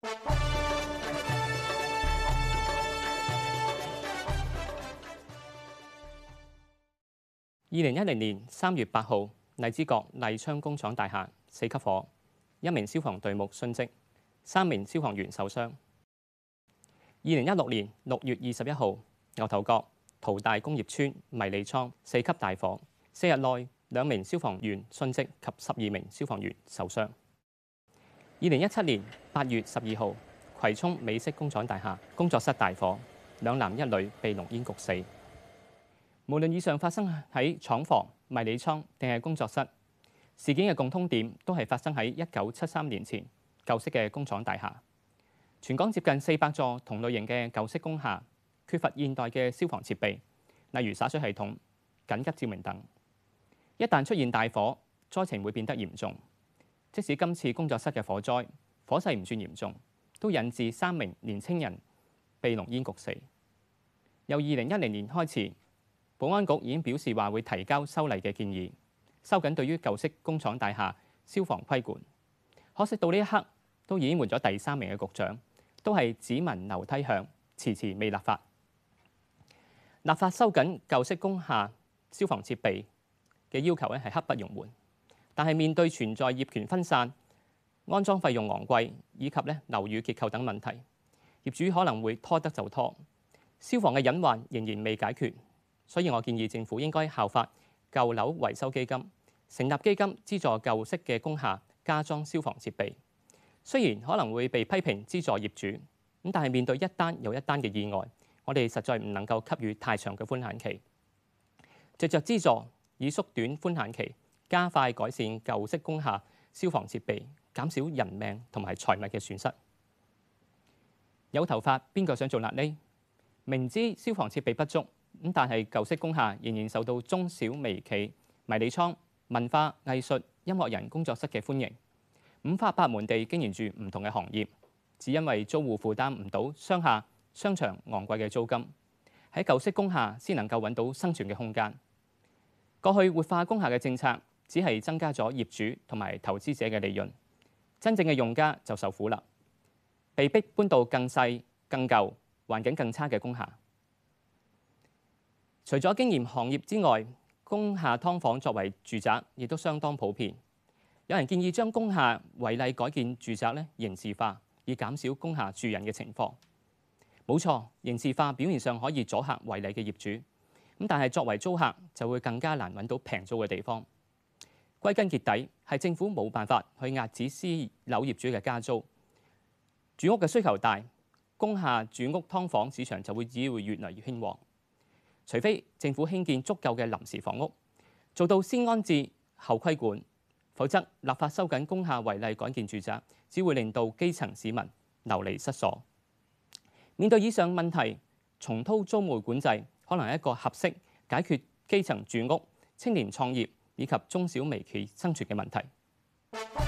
二零一零年三月八號，荔枝角麗昌工廠大廈四級火，一名消防隊目殉職，三名消防員受傷。二零一六年六月二十一號，牛頭角淘大工業村迷你倉四級大火，四日內兩名消防員殉職及十二名消防員受傷。二零一七年八月十二號，葵涌美式工廠大廈工作室大火，兩男一女被濃煙焗死。無論以上發生喺廠房、迷你倉定係工作室，事件嘅共通點都係發生喺一九七三年前舊式嘅工廠大廈。全港接近四百座同類型嘅舊式工廈，缺乏現代嘅消防設備，例如灑水系統、緊急照明等。一旦出現大火，災情會變得嚴重。即使今次工作室嘅火災火勢唔算嚴重，都引致三名年青人被濃煙焗死。由二零一零年開始，保安局已經表示話會提交修例嘅建議，收緊對於舊式工廠大廈消防規管。可惜到呢一刻都已經換咗第三名嘅局長，都係只聞樓梯響，遲遲未立法。立法收緊舊式工廈消防設備嘅要求咧，係刻不容緩。但係面對存在業權分散、安裝費用昂貴以及咧樓宇結構等問題，業主可能會拖得就拖。消防嘅隱患仍然未解決，所以我建議政府應該效法舊樓維修基金，成立基金資助舊式嘅工廈加裝消防設備。雖然可能會被批評資助業主，咁但係面對一單又一單嘅意外，我哋實在唔能夠給予太長嘅寬限期，借着資助以縮短寬限期。加快改善舊式工廈消防設備，減少人命同埋財物嘅損失。有頭髮，邊個想做癩痢？明知消防設備不足，咁但係舊式工廈仍然受到中小微企、迷你倉、文化藝術、音樂人工作室嘅歡迎。五花八門地經營住唔同嘅行業，只因為租戶負擔唔到商廈商場昂貴嘅租金，喺舊式工廈先能夠揾到生存嘅空間。過去活化工廈嘅政策，只係增加咗業主同埋投資者嘅利潤，真正嘅用家就受苦啦，被逼搬到更細、更舊、環境更差嘅工廈。除咗經營行業之外，工廈劏房作為住宅亦都相當普遍。有人建議將工廈違例改建住宅咧刑事化，以減少工廈住人嘅情況。冇錯，刑事化表面上可以阻嚇違例嘅業主，咁但係作為租客就會更加難揾到平租嘅地方。歸根結底係政府冇辦法去壓止私樓業主嘅加租，住屋嘅需求大，工廈住屋劏房市場就會只會越嚟越興旺。除非政府興建足夠嘅臨時房屋，做到先安置後規管，否則立法收緊工廈違例改建住宅，只會令到基層市民流離失所。面對以上問題，重鋪租務管制可能係一個合適解決基層住屋、青年創業。以及中小微企生存嘅問題。